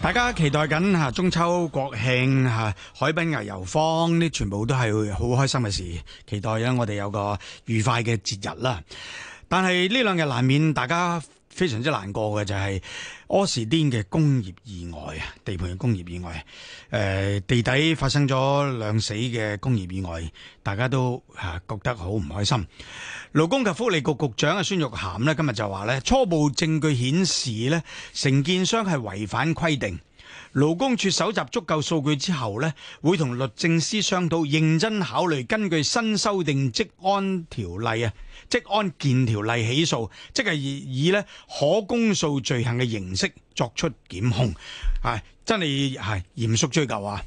大家期待緊中秋國慶，海濱遊油方，呢全部都係好開心嘅事，期待咧我哋有個愉快嘅節日啦。但係呢兩日難免大家，非常之難過嘅就係柯士甸嘅工業意外啊，地盤嘅工業意外，誒地，地底發生咗兩死嘅工業意外，大家都吓覺得好唔開心。勞工及福利局局長啊孫玉菡呢今日就話呢，初步證據顯示呢，承建商係違反規定。勞工處搜集足夠數據之後呢，會同律政司商討，認真考慮根據新修訂職安條例啊，職安健條例起訴，即係以咧可公訴罪行嘅形式作出檢控啊，真係係嚴肅追究啊！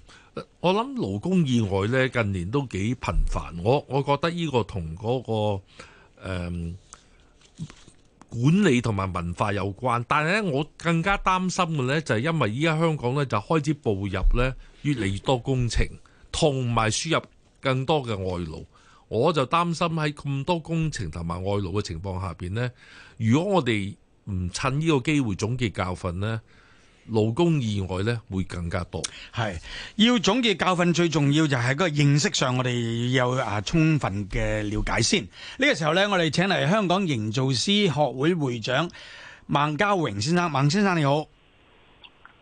我諗勞工意外咧近年都幾頻繁，我我覺得呢個同嗰個、那個、嗯管理同埋文化有關，但係咧，我更加擔心嘅呢，就係因為依家香港呢，就開始步入呢越嚟越多工程，同埋輸入更多嘅外勞，我就擔心喺咁多工程同埋外勞嘅情況下邊呢，如果我哋唔趁呢個機會總結教訓呢。勞工意外咧會更加多，係要總結教訓，最重要就係個認識上，我哋有啊充分嘅了解先。呢個時候咧，我哋請嚟香港營造師學會會長孟家榮先生，孟先生你好，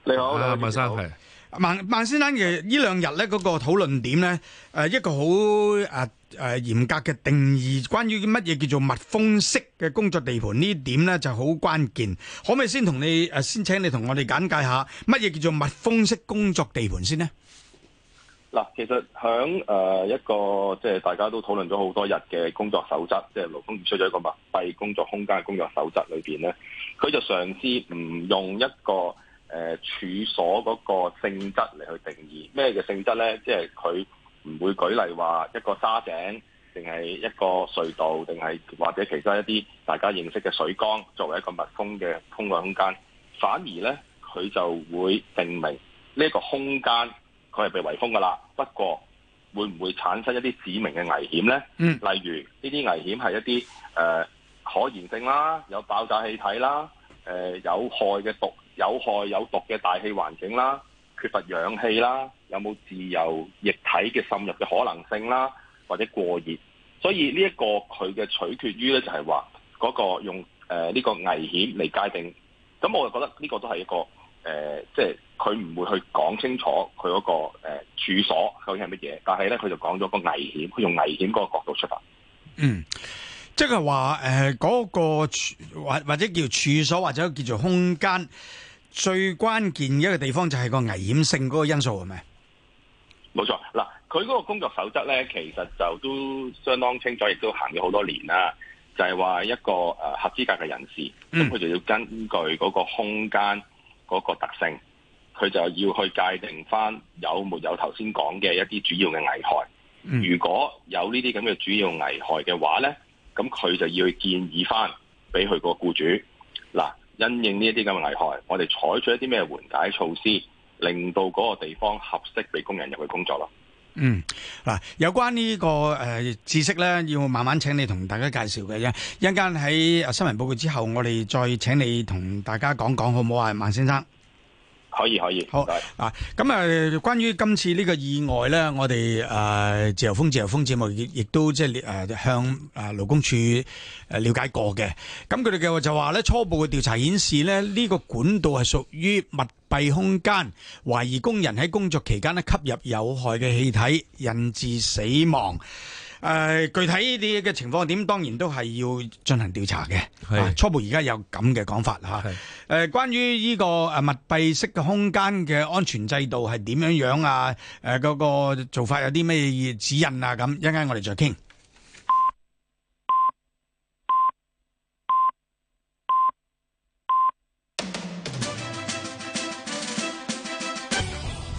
你好，孟生係孟孟先生嘅呢兩日咧，嗰個討論點咧，誒一個好啊。誒，嚴格嘅定義，關於乜嘢叫做密封式嘅工作地盤呢點呢就好關鍵。可唔可以先同你誒，先請你同我哋簡介下乜嘢叫做密封式工作地盤先呢？嗱，其實響誒一個即係大家都討論咗好多日嘅工作守則，即係勞工處出咗一個密閉工作空間嘅工作守則裏邊呢，佢就嘗試唔用一個誒、呃、處所嗰個性質嚟去定義咩嘅性質呢？即係佢。唔會舉例話一個沙井，定係一個隧道，定係或者其他一啲大家認識嘅水缸，作為一個密封嘅空外空間。反而呢，佢就會證明呢個空間佢係被圍封噶啦。不過，會唔會產生一啲指明嘅危險呢？例如呢啲危險係一啲誒、呃、可燃性啦，有爆炸氣體啦，誒、呃、有害嘅毒有害有毒嘅大氣環境啦。缺乏氧氣啦，有冇自由液體嘅滲入嘅可能性啦，或者過熱，所以呢一個佢嘅取決於咧，就係話嗰個用誒呢個危險嚟界定。咁我就覺得呢個都係一個誒，即係佢唔會去講清楚佢嗰個誒處所究竟係乜嘢，但係咧佢就講咗個危險，佢用危險嗰個角度出發。嗯，即係話誒嗰個或者或者叫處所或者叫做空間。最關鍵嘅一個地方就係個危險性嗰個因素係咪？冇錯，嗱，佢嗰個工作守則咧，其實就都相當清楚，亦都行咗好多年啦。就係話一個誒、呃、合資格嘅人士，咁佢就要根據嗰個空間嗰個特性，佢就要去界定翻有沒有頭先講嘅一啲主要嘅危害。嗯、如果有呢啲咁嘅主要危害嘅話咧，咁佢就要去建議翻俾佢個僱主嗱。因應呢啲咁嘅危害，我哋採取一啲咩緩解措施，令到嗰個地方合適俾工人入去工作咯。嗯，嗱，有關呢個知識呢，要慢慢請你同大家介紹嘅啫。一陣間喺新聞報告之後，我哋再請你同大家講講，好唔好啊，孟先生？可以可以，可以謝謝好啊！咁、嗯、啊，關於今次呢個意外呢，我哋，呃、自由風自由風節目亦、亦都即係誒向勞工處誒、呃、了解過嘅。咁佢哋嘅就話呢，初步嘅調查顯示呢、呢、這個管道係屬於密閉空間，懷疑工人喺工作期間吸入有害嘅氣體，引致死亡。誒、呃，具體呢啲嘅情況點，當然都係要進行調查嘅。係是、啊、初步而家有咁嘅講法吓。誒、啊是呃，關於呢、這個誒、啊、密閉式嘅空間嘅安全制度係點樣樣啊？誒、啊，嗰、這個做法有啲咩指引啊？咁一陣間我哋再傾。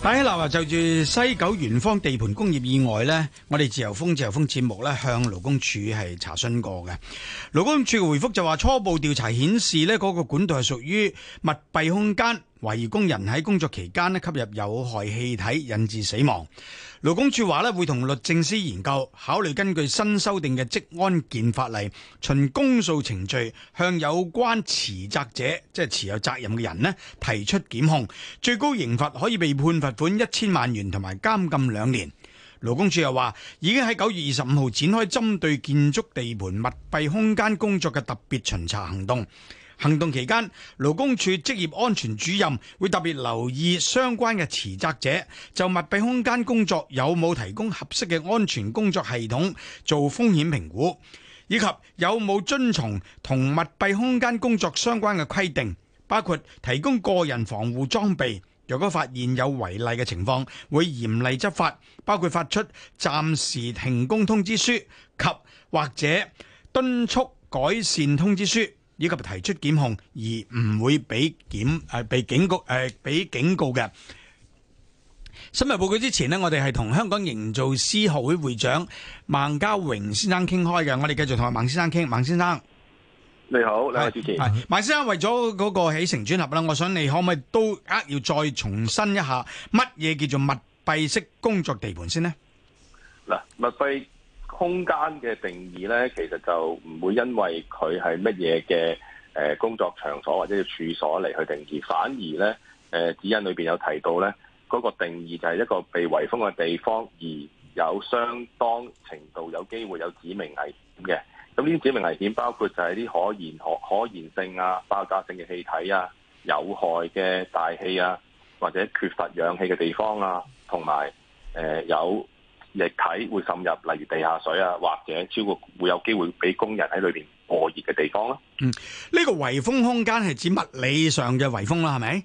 喺立就住西九元方地盤工業意外呢，我哋自由風自由風節目向勞工處係查詢過嘅，勞工處回覆就話初步調查顯示呢嗰、這個管道係屬於密閉空間，懷疑工人喺工作期間吸入有害氣體，引致死亡。勞工處話咧會同律政司研究，考慮根據新修訂嘅職安健法例，循公訴程序向有關持責者，即係持有責任嘅人咧提出檢控，最高刑罰可以被判罰款一千萬元同埋監禁兩年。勞工處又話已經喺九月二十五號展開針對建築地盤密閉空間工作嘅特別巡查行動。行動期間，勞工處職業安全主任會特別留意相關嘅持責者，就密閉空間工作有冇提供合適嘅安全工作系統做風險評估，以及有冇遵從同密閉空間工作相關嘅規定，包括提供個人防護裝備。若果發現有違例嘅情況，會嚴厲執法，包括發出暫時停工通知書及或者敦促改善通知書。以及提出檢控，而唔會俾檢誒、呃、被警告誒俾、呃、警告嘅。新聞報告之前咧，我哋係同香港營造師學會會長孟家榮先生傾開嘅。我哋繼續同孟先生傾，孟先生，你好，你好，兩位主持。孟先生為咗嗰個起承轉合啦，我想你可唔可以都呃要再重申一下乜嘢叫做密閉式工作地盤先呢？嗱，密閉空間嘅定義呢，其實就唔會因為佢係乜嘢嘅誒工作場所或者嘅處所嚟去定義，反而呢，誒指引裏面有提到呢，嗰個定義就係一個被圍封嘅地方，而有相當程度有機會有指明危險嘅。咁呢啲指明危險包括就係啲可燃可可燃性啊、爆炸性嘅氣體啊、有害嘅大氣啊，或者缺乏氧氣嘅地方啊，同埋有。呃有液體會滲入，例如地下水啊，或者超過會有機會俾工人喺裏邊過熱嘅地方咯。嗯，呢個圍封空間係指物理上嘅圍封啦，係咪？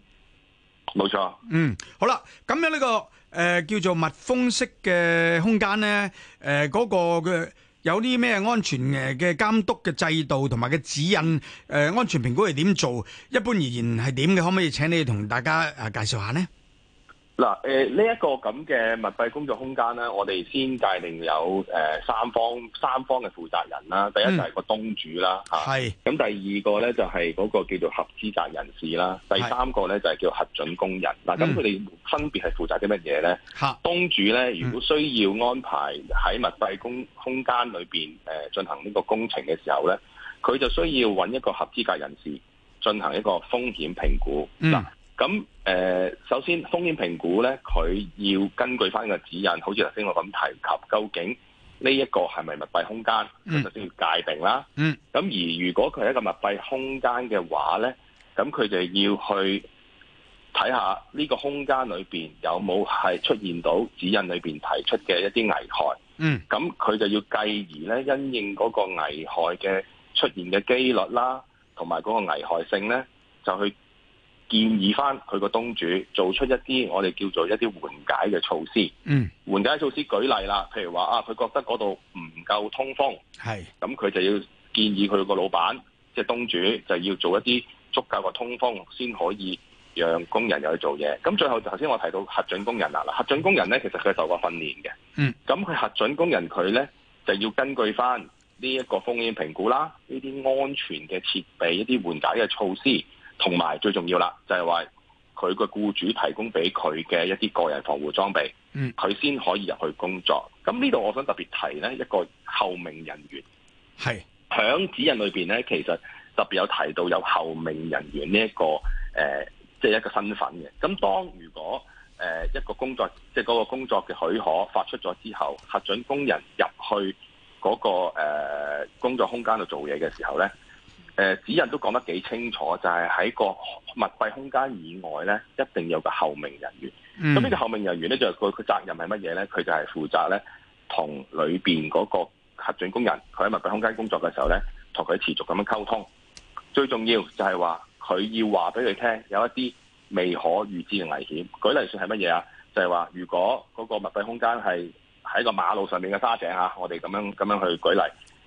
冇錯。嗯，好啦，咁樣呢個誒叫做密封式嘅空間咧，誒嗰個嘅有啲咩安全誒嘅監督嘅制度同埋嘅指引誒安全評估係點做？一般而言係點嘅？可唔可以請你同大家誒介紹下呢？嗱，誒，呢一個咁嘅密閉工作空間咧，我哋先界定有誒三方，三方嘅負責人啦。第一就係個東主啦，吓、嗯，咁第二個咧就係嗰個叫做合資格人士啦，第三個咧就係叫核准工人。嗱、嗯，咁佢哋分別係負責啲乜嘢咧？吓哈，東主咧，如果需要安排喺密閉工空間裏邊誒進行呢個工程嘅時候咧，佢就需要揾一個合資格人士進行一個風險評估。嗯咁誒、呃，首先風險評估咧，佢要根據翻個指引，好似頭先我咁提及，究竟呢一個係咪密閉空間，佢、嗯、就先要界定啦。嗯，咁而如果佢係一個密閉空間嘅話咧，咁佢就要去睇下呢個空間裏面有冇係出現到指引裏面提出嘅一啲危害。嗯，咁佢就要繼而咧，因應嗰個危害嘅出現嘅機率啦，同埋嗰個危害性咧，就去建議翻佢個東主做出一啲我哋叫做一啲緩解嘅措施。嗯，緩解措施舉例啦，譬如話啊，佢覺得嗰度唔夠通風，係咁佢就要建議佢個老闆，即係東主，就要做一啲足夠嘅通風，先可以讓工人入去做嘢。咁最後頭先我提到核准工人啊，核准工人咧其實佢受過訓練嘅。嗯，咁佢核准工人佢咧就要根據翻呢一個風險評估啦，呢啲安全嘅設備，一啲緩解嘅措施。同埋最重要啦，就係話佢個僱主提供俾佢嘅一啲個人防護裝備，佢先可以入去工作。咁呢度我想特別提呢一個候命人員，係響是指引裏邊呢，其實特別有提到有候命人員呢、這、一個誒、即、呃、係、就是、一個身份嘅。咁當如果誒、呃、一個工作，即係嗰個工作嘅許可發出咗之後，核准工人入去嗰、那個誒、呃、工作空間度做嘢嘅時候呢。誒、呃、指引都講得幾清楚，就係、是、喺個密閉空間以外呢，一定有一個候命人員。咁呢、mm. 個候命人員呢，就佢、是、佢責任係乜嘢呢？佢就係負責呢同裏邊嗰個核准工人，佢喺密閉空間工作嘅時候呢，同佢持續咁樣溝通。最重要就係話，佢要話俾佢聽，有一啲未可預知嘅危險。舉例算係乜嘢啊？就係、是、話，如果嗰個密閉空間係喺個馬路上面嘅沙井嚇、啊，我哋咁樣咁樣去舉例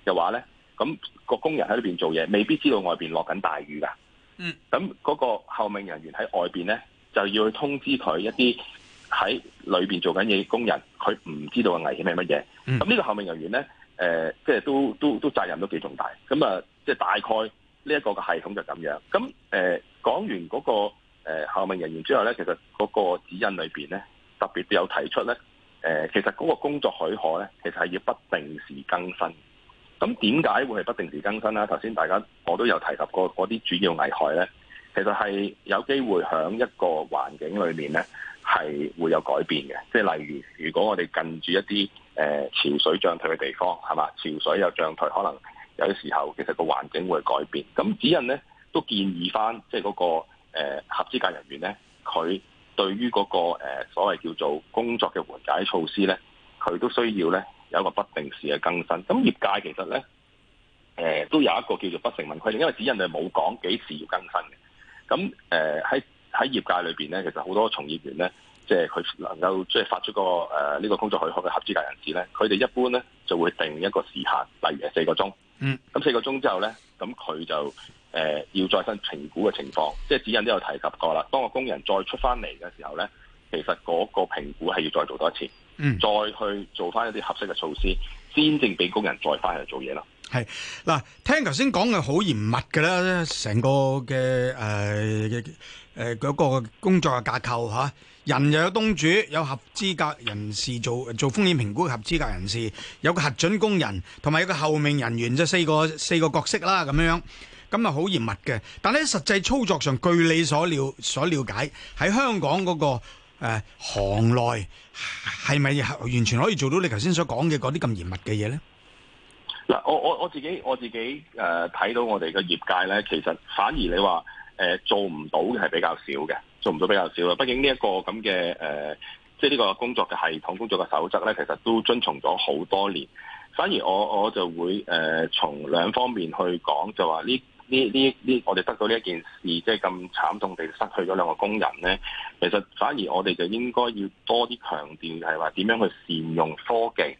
嘅話呢。咁個工人喺裏邊做嘢，未必知道外面落緊大雨噶。嗯，咁嗰個候命人員喺外面咧，就要去通知佢一啲喺裏面做緊嘢工人，佢唔知道嘅危險係乜嘢。咁呢個候命人員咧、呃，即係都都都責任都幾重大。咁啊，即係大概呢一個嘅系統就咁樣。咁、呃、講完嗰個誒候命人員之後咧，其實嗰個指引裏面咧，特別都有提出咧、呃，其實嗰個工作許可咧，其實係要不定時更新。咁點解會係不定時更新啦？頭先大家我都有提及過嗰啲主要危害咧，其實係有機會喺一個環境裏面咧係會有改變嘅，即係例如如果我哋近住一啲誒潮水漲退嘅地方，係嘛？潮水有漲退，可能有時候其實個環境會改變。咁指引咧都建議返，即係嗰個誒合資格人員咧，佢對於嗰個誒所謂叫做工作嘅緩解措施咧，佢都需要咧，有一個不定時嘅更新，咁業界其實咧、呃，都有一個叫做不成文規定，因為指引佢冇講幾時要更新嘅。咁誒喺喺業界裏邊咧，其實好多從業員咧，即係佢能夠即係、即係、發出、個誒呢、呃呢個工作許可嘅合資格人士咧，佢哋一般咧就會定一個時限，例如係四個鐘。嗯，咁四個鐘之後咧，咁佢就誒、呃、要再新評估嘅情況，即係指引都有提及過啦。當個工人再出翻嚟嘅時候咧，其實嗰個評估係要再做多一次。嗯，再去做翻一啲合適嘅措施，先正俾工人再翻去做嘢啦。係嗱，聽頭先講嘅好嚴密嘅啦，成個嘅誒嗰個工作嘅架構吓，人又有東主，有合資格人士做做風險評估，合資格人士有個核准工人，同埋一個後命人員，就四個四個角色啦，咁樣咁啊，好嚴密嘅。但喺實際操作上，據你所了所了解，喺香港嗰個。誒、啊，行內係咪完全可以做到你頭先所講嘅嗰啲咁嚴密嘅嘢呢？嗱，我我我自己我自己誒，睇、呃、到我哋嘅業界呢，其實反而你話誒、呃、做唔到嘅係比較少嘅，做唔到比較少啦。畢竟呢一個咁嘅誒，即係呢個工作嘅系統、工作嘅守則呢，其實都遵從咗好多年。反而我我就會誒、從、呃、兩方面去講，就話呢。呢呢呢，我哋得到呢一件事，即係咁慘痛地失去咗兩個工人咧。其實反而我哋就應該要多啲強調，係話點樣去善用科技。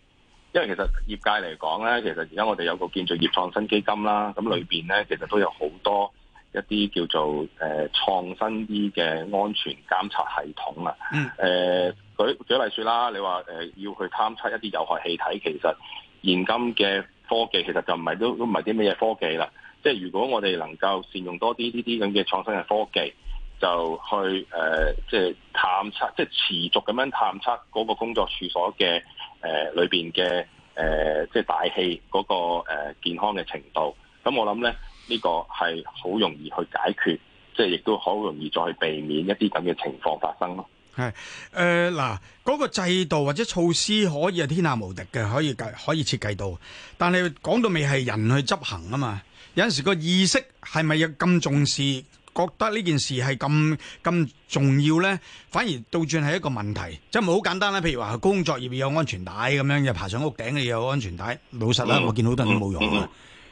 因為其實業界嚟講咧，其實而家我哋有個建造業創新基金啦。咁裏邊咧，其實都有好多一啲叫做誒、呃、創新啲嘅安全監察系統啊。誒、嗯呃、舉舉例說啦，你話誒、呃、要去探測一啲有害氣體，其實現今嘅科技其實就唔係都都唔係啲咩嘢科技啦。即係如果我哋能夠善用多啲呢啲咁嘅創新嘅科技，就去誒，即、呃、係、就是、探測，即、就、係、是、持續咁樣探測嗰個工作處所嘅誒、呃、裏邊嘅誒，即、呃、係、就是、大氣嗰、那個誒、呃、健康嘅程度。咁我諗咧呢個係好容易去解決，即係亦都好容易再去避免一啲咁嘅情況發生咯。係誒嗱，嗰、呃那個制度或者措施可以係天下無敵嘅，可以計可以設計到，但係講到尾係人去執行啊嘛。有陣時個意識係咪有咁重視，覺得呢件事係咁咁重要呢，反而倒轉係一個問題，即係唔係好簡單啦。譬如話工作要有安全帶咁樣，又爬上屋頂要有安全帶。老實啦，我見到好多人都冇用啊。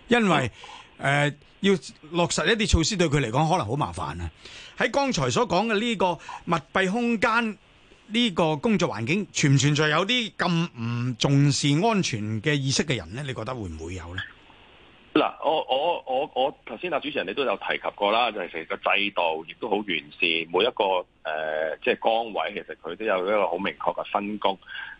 因為、呃、要落實一啲措施，對佢嚟講可能好麻煩啊。喺剛才所講嘅呢個密閉空間呢、呢個工作環境，存唔存在有啲咁唔重視安全嘅意識嘅人呢？你覺得會唔會有呢？嗱，我我我我頭先啊，主持人你都有提及過啦，就係成個制度亦都好完善，每一個誒即係崗位，其實佢都有一個好明確嘅分工。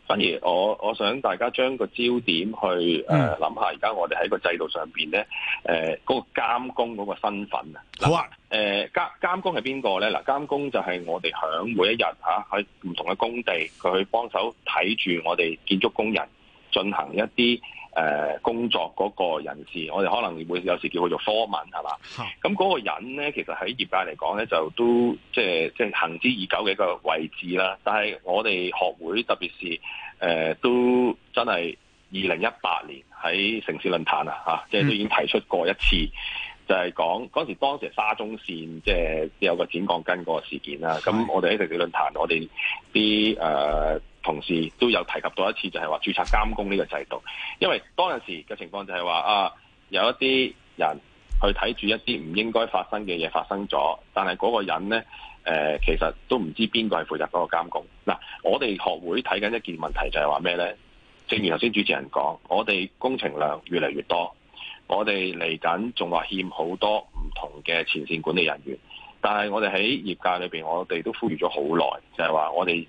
反而我我想大家將個焦點去誒諗下，而家我哋喺個制度上邊咧，誒嗰個監工嗰個身份啊。好啊，誒監監工係邊個咧？嗱，監工就係我哋響每一日嚇喺唔同嘅工地，佢去幫手睇住我哋建築工人進行一啲誒、呃、工作嗰個人士，我哋可能會有時叫佢做科文係嘛？咁嗰、那個人咧，其實喺業界嚟講咧，就都即係即係行之已久嘅一個位置啦。但係我哋學會特別是誒，都真係二零一八年喺城市論壇啊嚇，即係、就是、都已經提出過一次，就係、是、講嗰時當時沙中線即係、就是、有個剪鋼筋嗰個事件啦。咁是的 我哋喺城市論壇，我哋啲誒。呃同事都有提及到一次，就係話註冊監工呢個制度，因為當陣時嘅情況就係話啊，有一啲人去睇住一啲唔應該發生嘅嘢發生咗，但係嗰個人咧，誒、呃、其實都唔知邊個係負責嗰個監工。嗱、啊，我哋學會睇緊一件問題，就係話咩咧？正如頭先主持人講，我哋工程量越嚟越多，我哋嚟緊仲話欠好多唔同嘅前線管理人員，但係我哋喺業界裏邊，我哋都呼籲咗好耐，就係、是、話我哋。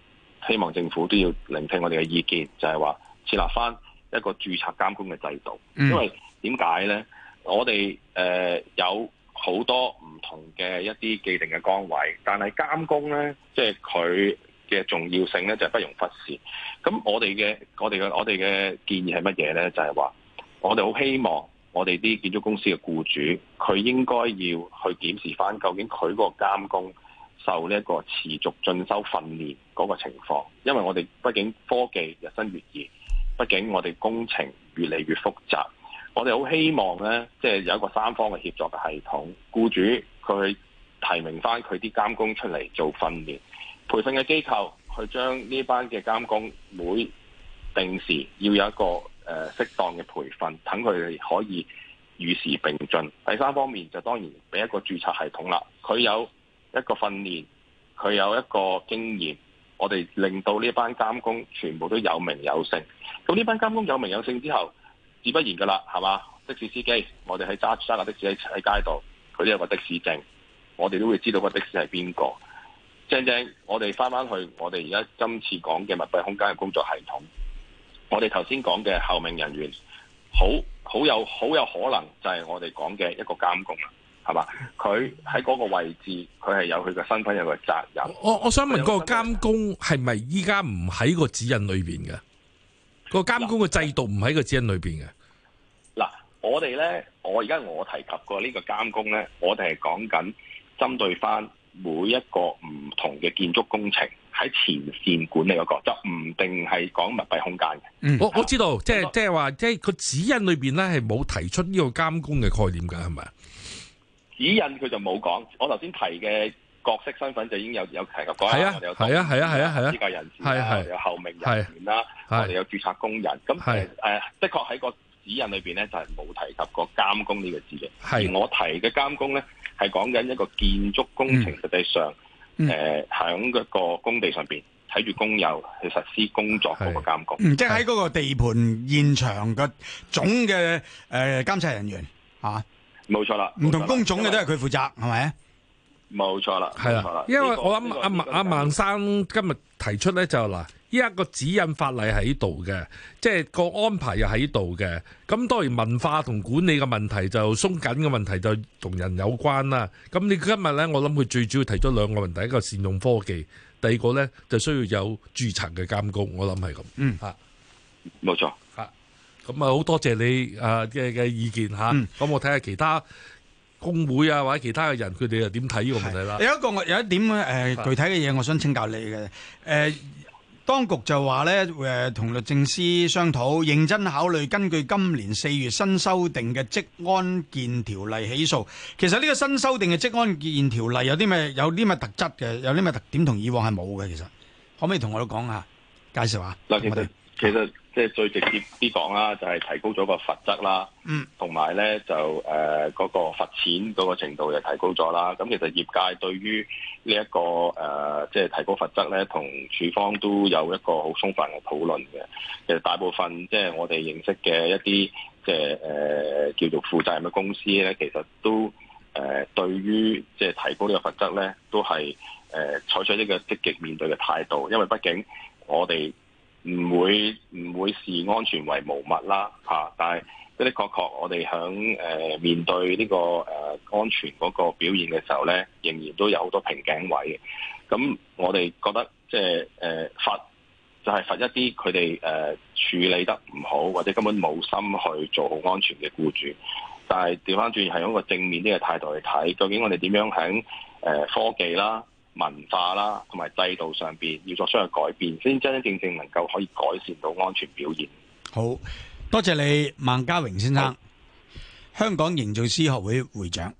希望政府都要聆聽我哋嘅意見，就是說為為是，就係話設立翻一個註冊監工嘅制度。因為點解咧？我哋誒有好多唔同嘅一啲既定嘅崗位，但係監工咧，即係佢嘅重要性咧，就係不容忽視那們的，咁我哋嘅我哋嘅我哋嘅建議係乜嘢咧？就係話，我哋好希望我哋啲建築公司嘅僱主，佢應該要去檢視翻究竟佢個監工。受呢一個持續進修訓練嗰個情況，因為我哋畢竟科技日新月異，畢竟我哋工程越嚟越複雜，我哋好希望呢，即係有一個三方嘅協作嘅系統，僱主佢去提名返佢啲監工出嚟做訓練，培訓嘅機構去將呢班嘅監工會定時要有一個誒適當嘅培訓，等佢哋可以與時並進。第三方面就當然俾一個註冊系統啦，佢有。一個訓練，佢有一個經驗，我哋令到呢班監工全部都有名有姓。咁呢班監工有名有姓之後，自不然噶啦，係嘛？的士司機，我哋喺揸揸架的士喺喺街度，佢都有個的士證，我哋都會知道個的士係邊個。正正我們回，我哋翻翻去我哋而家今次講嘅密閉空間嘅工作系統，我哋頭先講嘅候命人員，好好有好有可能就係我哋講嘅一個監工。係嘛？佢喺嗰個位置，佢係有佢嘅身份，有佢嘅責任。我我想問，個監工係咪依家唔喺個指引裏邊嘅？個監工嘅制度唔喺個指引裏邊嘅。嗱、嗯，嗯、我哋咧，我而家我提及過呢個監工咧，我哋係講緊針對翻每一個唔同嘅建築工程喺前線管理嗰個，就唔定係講密閉空間嘅。我我知道，即係即係話，即係個指引裏邊咧係冇提出呢個監工嘅概念嘅，係咪？指引佢就冇講，我頭先提嘅角色身份就已經有有提及過，我哋啊，當係啊係啊係啊係啊資格人士啦，啊，我哋有候命人員啦，我哋有註冊工人。咁誒誒，的確喺個指引裏邊咧，就係冇提及過監工呢個字嘅。而我提嘅監工咧，係講緊一個建築工程實際上誒響一個工地上邊睇住工友去實施工作嗰個監工，即係喺嗰個地盤現場嘅總嘅誒監察人員啊。冇錯啦，唔同工種嘅都係佢負責，係咪啊？冇錯啦，係啦，是的因為我諗阿阿孟生今日提出咧就嗱、是，依一個指引法例喺度嘅，即係個安排又喺度嘅，咁當然文化同管理嘅問題就鬆緊嘅問題就同人有關啦。咁你今日咧，我諗佢最主要提出兩個問題，一個是善用科技，第二個咧就需要有註冊嘅監管，我諗係咁。嗯，係的，冇錯。咁啊，好多謝你啊嘅嘅意見嚇。咁、嗯、我睇下其他工會啊，或者其他嘅人，佢哋又點睇呢個問題啦。有一個，有一點嘅、呃、具體嘅嘢，我想請教你嘅。誒、呃，當局就話咧誒，同、呃、律政司商討，認真考慮根據今年四月新修訂嘅職安健條例起訴。其實呢個新修訂嘅職安健條例有啲咩有啲咩特質嘅？有啲咩特點同以往係冇嘅？其實可唔可以同我哋講下介紹下。我哋其實。即係最直接啲講啦，就係提高咗個罰則啦，同埋咧就誒嗰個罰錢嗰個程度就提高咗啦。咁其實業界對於呢、這、一個誒，即、呃、係、就是、提高罰則咧，同處方都有一個好充分嘅討論嘅。其實大部分即係、就是、我哋認識嘅一啲即係誒叫做負責任嘅公司咧，其實都誒、呃、對於即係提高個呢個罰則咧，都係誒、呃、採取一個積極面對嘅態度，因為畢竟我哋，唔會唔會視安全為無物啦，嚇、啊！但係都的確確我們在，我哋喺誒面對呢、這個誒、呃、安全嗰個表現嘅時候咧，仍然都有好多瓶頸位嘅。咁我哋覺得即係誒、呃、罰，就係、是、罰一啲佢哋誒處理得唔好，或者根本冇心去做好安全嘅僱主。但係調翻轉係用個正面呢嘅態度去睇，究竟我哋點樣喺誒、呃、科技啦？文化啦，同埋制度上邊要作出嘅改變，先真真正正能夠可以改善到安全表現。好多謝你，孟家榮先生，好香港營造師學會會長。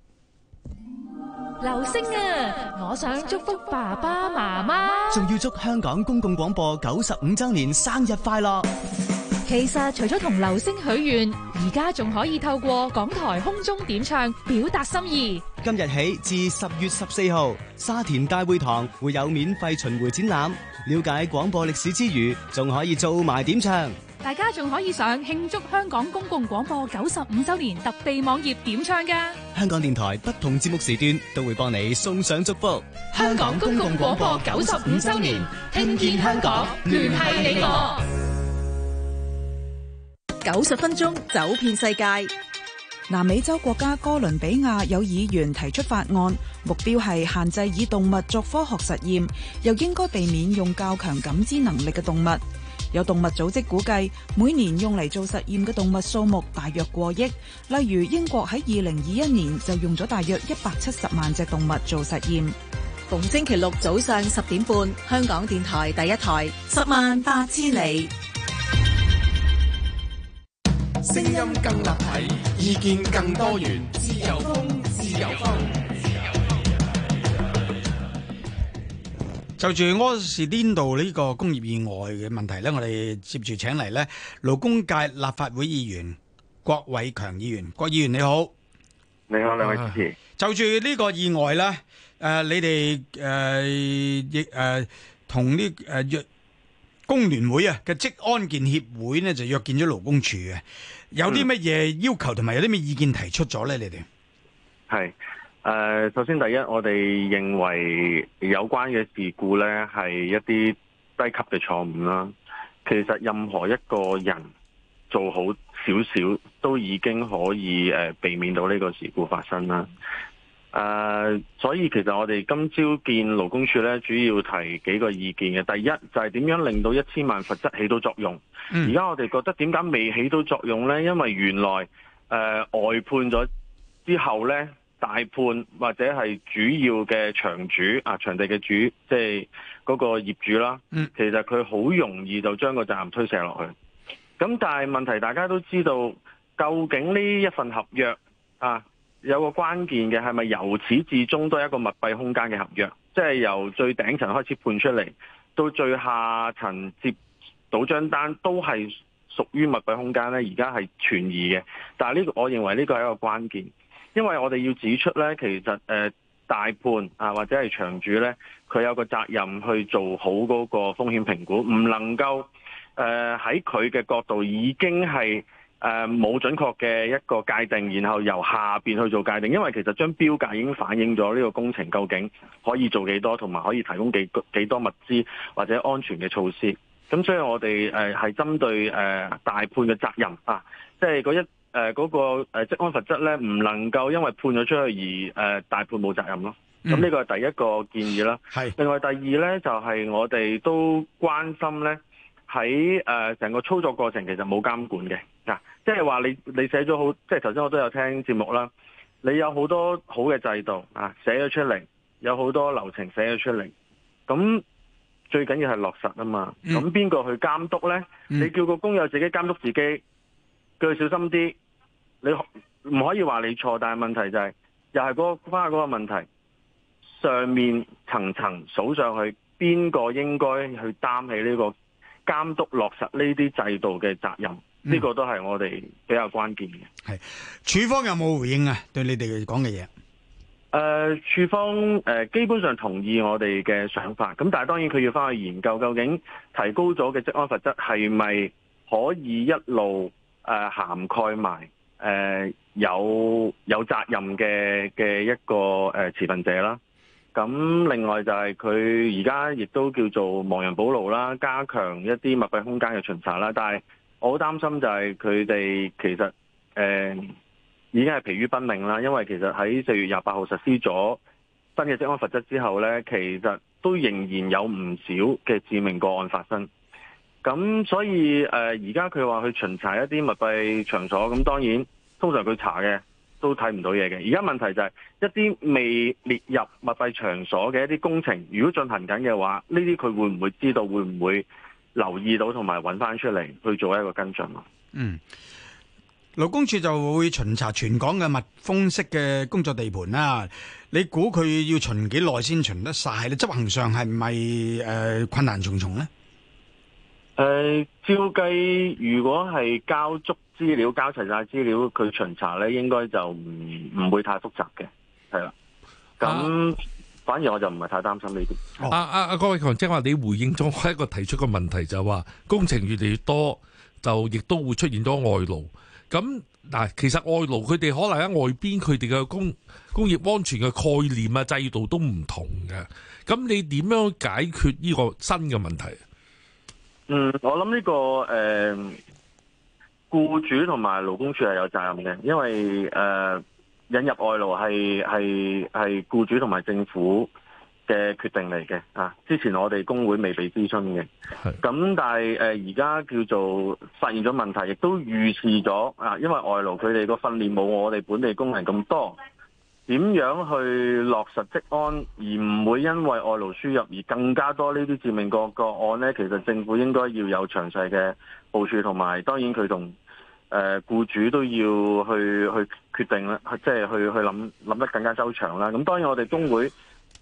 流星啊，我想祝福爸爸媽媽，仲要祝香港公共廣播九十五周年生日快樂。其實除咗同流星許願，而家仲可以透過港台空中點唱表達心意。今日起至十月十四號，沙田大會堂會有免費巡迴展覽，了解廣播歷史之餘，仲可以做埋點唱。大家仲可以上慶祝香港公共廣播九十五周年特備網頁點唱㗎。香港電台不同節目時段都會幫你送上祝福。香港公共廣播九十五周年，聽見香港，聯繫你我。九十分鐘走遍世界。南美洲國家哥倫比亞有議員提出法案，目標係限制以動物作科學實驗，又應該避免用較強感知能力嘅動物。有動物組織估計，每年用嚟做實驗嘅動物數目大約過億。例如英國喺二零二一年就用咗大約一百七十萬隻動物做實驗。逢星期六早上十點半，香港電台第一台，十萬八千里。聲音更立體，意見更多元，自由風，自由風，自由風。就住柯士甸道呢個工業意外嘅問題咧，我哋接住請嚟咧勞工界立法會議員郭偉強議員，郭議員你好，你好兩位主持。就住呢個意外咧，誒，你哋誒亦誒同啲誒約工聯會啊嘅職安健協會咧就約見咗勞工處嘅。有啲乜嘢要求同埋有啲咩意見提出咗呢？你哋係誒，首先第一，我哋認為有關嘅事故咧係一啲低級嘅錯誤啦。其實任何一個人做好少少，都已經可以誒避免到呢個事故發生啦。嗯。誒，uh, 所以其實我哋今朝見勞工處咧，主要提幾個意見嘅。第一就係、是、點樣令到一千萬罰則起到作用？而家、mm. 我哋覺得點解未起到作用咧？因為原來誒、呃、外判咗之後咧，大判或者係主要嘅場主啊，場地嘅主即係嗰個業主啦，mm. 其實佢好容易就將個責任推卸落去。咁但係問題大家都知道，究竟呢一份合約啊？有個關鍵嘅係咪由始至終都係一個密閉空間嘅合約，即係由最頂層開始判出嚟，到最下層接到張單，都係屬於密閉空間咧。而家係存疑嘅，但係呢個我認為呢個係一個關鍵，因為我哋要指出咧，其實誒大判啊或者係場主咧，佢有個責任去做好嗰個風險評估，唔能夠誒喺佢嘅角度已經係。誒，冇、呃、準確嘅一個界定，然後由下面去做界定，因為其實將標價已經反映咗呢個工程究竟可以做幾多，同埋可以提供幾幾多物資或者安全嘅措施。咁所以我哋誒係針對誒、呃、大判嘅責任啊，即係嗰一誒嗰、呃那個誒、呃、職安罰則咧，唔能夠因為判咗出去而誒、呃、大判冇責任咯。咁呢個係第一個建議啦。係、嗯。另外第二咧就係、是、我哋都關心咧喺誒成個操作過程其實冇監管嘅嗱。啊。即係話你你寫咗好，即係頭先我都有聽節目啦。你有好多好嘅制度啊，寫咗出嚟，有好多流程寫咗出嚟。咁最緊要係落實啊嘛。咁邊個去監督呢？你叫個工友自己監督自己，叫佢小心啲。你唔可以話你錯，但係問題就係又係嗰個花嗰個問題，上面層層數上去，邊個應該去擔起呢個監督落實呢啲制度嘅責任？呢、嗯、個都係我哋比較關鍵嘅係。處方有冇回應啊？對你哋講嘅嘢誒，處方誒、呃，基本上同意我哋嘅想法。咁但係當然佢要翻去研究，究竟提高咗嘅職安罰則係咪可以一路誒、呃、涵蓋埋誒、呃、有有責任嘅嘅一個誒、呃、持份者啦。咁另外就係佢而家亦都叫做亡羊補牢啦，加強一啲密閉空間嘅巡查啦，但係。我好擔心就係佢哋其實誒、呃、已經係疲於奔命啦，因為其實喺四月廿八號實施咗新嘅職安法則之後呢，其實都仍然有唔少嘅致命個案發生。咁所以誒，而家佢話去巡查一啲密閉場所，咁當然通常佢查嘅都睇唔到嘢嘅。而家問題就係、是、一啲未列入密閉場所嘅一啲工程，如果進行緊嘅話，呢啲佢會唔會知道？會唔會？留意到同埋搵翻出嚟去做一個跟進咯。嗯，勞工處就會巡查全港嘅密封式嘅工作地盤啦。你估佢要巡幾耐先巡得晒？你執行上係咪誒困難重重呢？誒、呃，照計如果係交足資料，交齊晒資料，佢巡查呢，應該就唔唔會太複雜嘅。係啦，咁。啊反而我就唔係太擔心呢啲。阿阿阿郭偉強，即係話你回應咗我一個提出嘅問題，就係話工程越嚟越多，就亦都會出現咗外勞。咁嗱，其實外勞佢哋可能喺外邊，佢哋嘅工工業安全嘅概念啊、制度都唔同嘅。咁你點樣解決呢個新嘅問題？嗯，我諗呢、這個誒，雇、呃、主同埋勞工處係有責任嘅，因為誒。呃引入外勞係係係僱主同埋政府嘅決定嚟嘅啊！之前我哋工會未被諮詢嘅，咁的但係誒而家叫做發現咗問題，亦都預示咗啊！因為外勞佢哋個訓練冇我哋本地工人咁多，點樣去落實職安而唔會因為外勞輸入而更加多呢啲致命個個案呢？其實政府應該要有詳細嘅部署，同埋當然佢同。誒，僱、呃、主都要去去決定啦，即係去去諗諗得更加周詳啦。咁當然我哋工會誒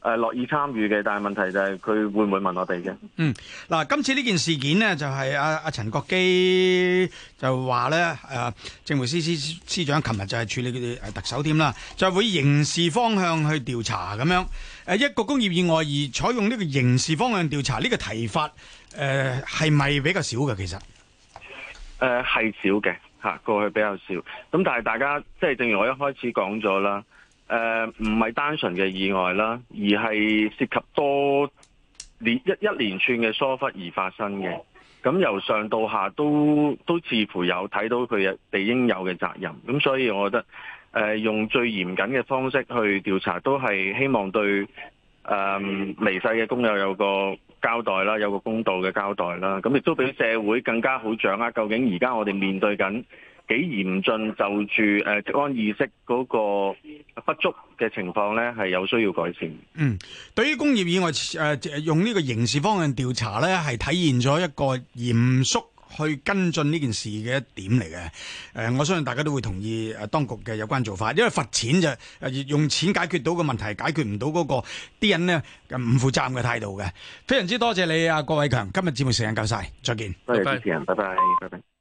樂、呃、意參與嘅，但係問題就係佢會唔會問我哋嘅？嗯，嗱、啊，今次呢件事件呢，就係阿阿陳國基就話咧，誒、啊，政務司司司長琴日就係處理、啊、特首添啦，就會刑事方向去調查咁樣。誒、啊，一個工業意外而採用呢個刑事方向調查呢、這個提法，誒、啊，係咪比較少嘅？其實誒，係、呃、少嘅。過去比較少，咁但係大家即係正如我一開始講咗啦，誒唔係單純嘅意外啦，而係涉及多一一連串嘅疏忽而發生嘅，咁由上到下都都似乎有睇到佢哋應有嘅責任，咁所以我覺得誒用最嚴謹嘅方式去調查，都係希望對誒、嗯、離世嘅工友有個交代啦，有個公道嘅交代啦，咁亦都俾社會更加好掌握究竟而家我哋面對緊幾嚴峻就住誒職安意識嗰個不足嘅情況呢，係有需要改善。嗯，對於工業意外誒、呃、用呢個刑事方向調查呢，係體現咗一個嚴肅去跟進呢件事嘅一點嚟嘅，誒、呃，我相信大家都會同意誒當局嘅有關做法，因為罰錢就誒用錢解決到嘅問題，解決唔到嗰個啲人呢唔負責任嘅態度嘅。非常之多謝你啊，郭偉強，今日節目時間夠晒，再見。多謝主持人，拜拜，拜拜。拜拜。